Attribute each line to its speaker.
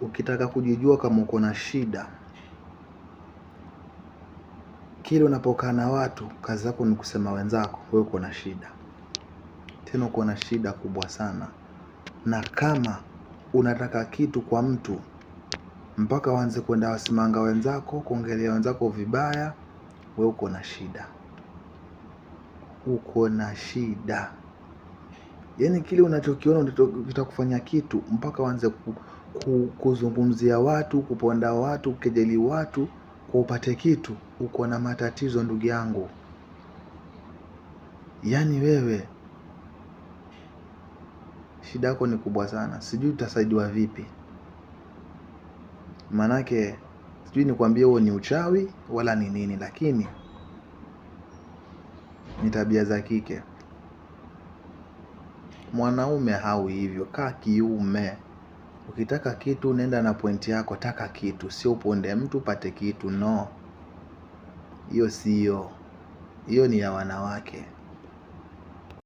Speaker 1: ukitaka kujijua kama uko na shida, kile unapokaa na watu, kazi yako ni kusema wenzako wewe uko na shida, tena uko na shida kubwa sana. Na kama unataka kitu kwa mtu, mpaka waanze kwenda wasimanga wenzako, kuongelea wenzako vibaya, wewe uko na shida, uko na shida yaani kile unachokiona kitakufanya kitu mpaka uanze kuzungumzia watu kuponda watu kukejeli watu kwa upate kitu uko na matatizo ndugu yangu yaani wewe shida yako ni kubwa sana sijui utasaidiwa vipi maanake sijui nikwambie huo ni uchawi wala ni nini lakini ni tabia za kike mwanaume hau hivyo, kaa kiume. Ukitaka kitu nenda na pointi yako, taka kitu, sio uponde mtu pate kitu. No, hiyo sio hiyo ni ya wanawake.